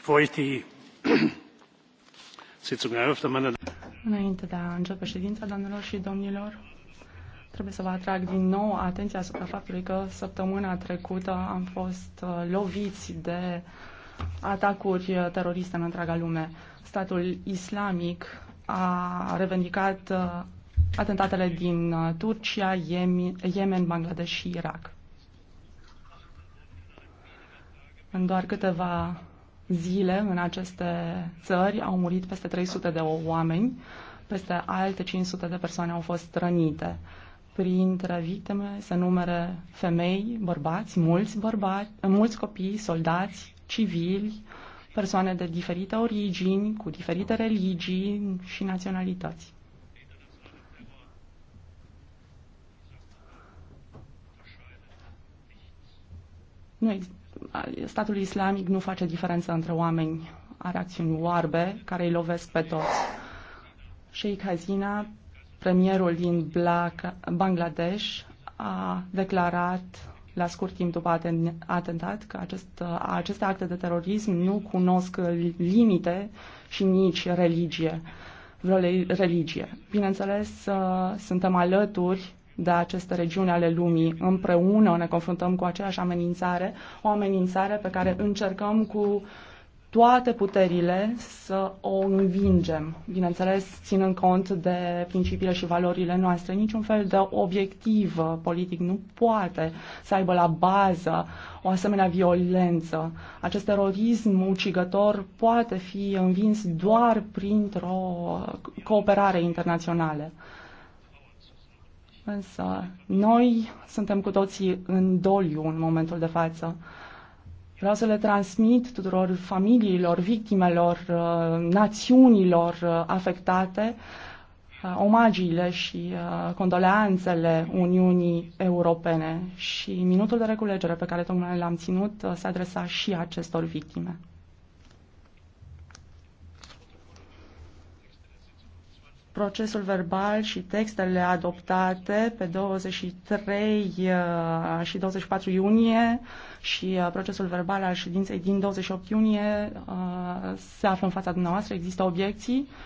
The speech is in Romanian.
Înainte de a începe ședința, doamnelor și domnilor, trebuie să vă atrag din nou atenția asupra faptului că săptămâna trecută am fost uh, loviți de atacuri uh, teroriste în întreaga lume. Statul islamic a revendicat uh, atentatele din Turcia, Yemen, Bangladesh și Irak. În doar câteva zile în aceste țări au murit peste 300 de oameni, peste alte 500 de persoane au fost rănite. Printre victime se numere femei, bărbați, mulți, bărbați, mulți copii, soldați, civili, persoane de diferite origini, cu diferite religii și naționalități. Nu există statul islamic nu face diferență între oameni, are acțiuni oarbe care îi lovesc pe toți. Sheikh Hazina, premierul din Bangladesh, a declarat la scurt timp după atentat că acest, aceste acte de terorism nu cunosc limite și nici religie vreo religie. Bineînțeles, uh, suntem alături de da aceste regiuni ale lumii. Împreună ne confruntăm cu aceeași amenințare, o amenințare pe care încercăm cu toate puterile să o învingem, bineînțeles ținând cont de principiile și valorile noastre. Niciun fel de obiectiv politic nu poate să aibă la bază o asemenea violență. Acest terorism ucigător poate fi învins doar printr-o cooperare internațională. Însă noi suntem cu toții în doliu în momentul de față. Vreau să le transmit tuturor familiilor, victimelor, uh, națiunilor uh, afectate uh, omagiile și condoleanțele Uniunii Europene și minutul de reculegere pe care tocmai l-am ținut se adresa și acestor victime. procesul verbal și textele adoptate pe 23 și 24 uh, iunie și uh, procesul verbal al ședinței din 28 iunie uh, se află în fața dumneavoastră. Există obiecții?